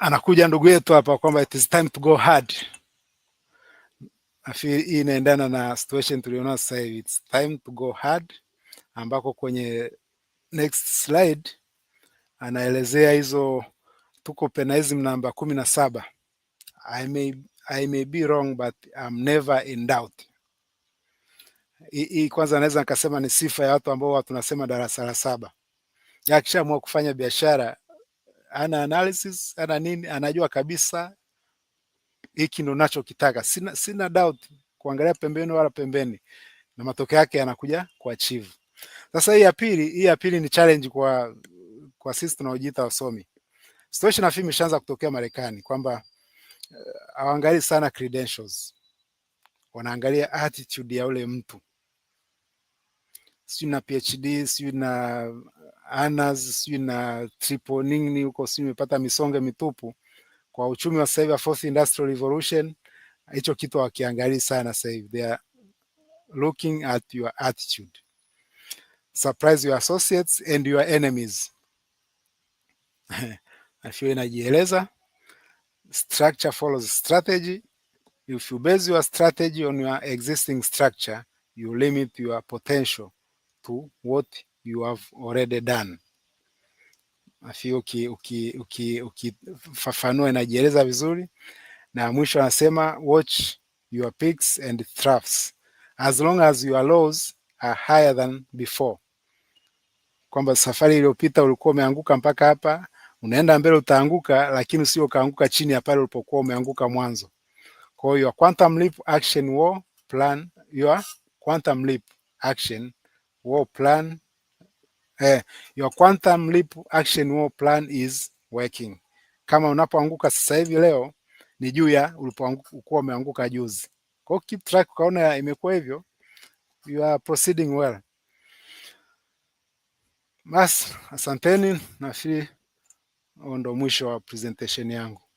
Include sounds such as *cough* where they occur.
anakuja ndugu yetu hapa kwamba it is time to go hard. Nafikiri hii inaendana na situation tuliona sasa hivi, it's time to go hard, ambako kwenye next slide anaelezea hizo, tuko Peninsm namba kumi na saba. I may, I may be wrong but I'm never in doubt. Hii kwanza naweza nikasema ni sifa ya watu ambao tunasema darasa la saba, akishaamua kufanya biashara ana analysis ana nini, anajua kabisa hiki ndo nachokitaka. Sina, sina doubt kuangalia pembeni wala pembeni, na matokeo yake yanakuja kuachieve. Sasa hii ya pili, hii ya pili ni challenge kwa kwa sisi tunaojiita wasomi. Situation afi imeshaanza kutokea Marekani kwamba eh, hawaangalii uh, sana credentials, wanaangalia attitude ya ule mtu sijui na PhD sijui na honors sijui na triple nini huko sijui imepata misonge mitupu. Kwa uchumi wa sasa hivi fourth industrial revolution, hicho kitu hawakiangalii sana sasa hivi, they are looking at your attitude. Surprise your associates and your enemies. Afyo *laughs* inajieleza structure follows strategy. If you base your strategy on your existing structure, you limit your potential to what you have already done. Nafikiri ukifafanua uki, uki, uki, inajieleza vizuri, na mwisho anasema watch your peaks and troughs as long as your lows are higher than before, kwamba safari iliyopita ulikuwa umeanguka mpaka hapa, unaenda mbele utaanguka, lakini usio ukaanguka chini ya pale ulipokuwa umeanguka mwanzo. Kwa hiyo your quantum leap action war plan, your quantum leap action war plan eh, your quantum leap action war plan is working. Kama unapoanguka sasa hivi leo ni juu ya ulipoanguka umeanguka juzi. Kwa hiyo keep track, ukaona imekuwa hivyo, you are proceeding well. Basi asanteni, nafikiri huo ndo mwisho wa presentation yangu.